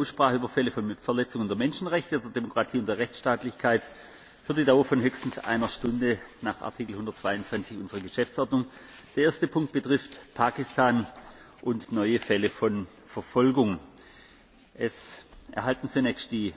aussprache über fälle von verletzungen der menschenrechte der demokratie und der rechtsstaatlichkeit für die dauer von höchstens einer stunde nach artikel. einhundertzweiundzwanzig unserer geschäftsordnung. der erste punkt betrifft pakistan und neue fälle von verfolgung. es erhalten zunächst die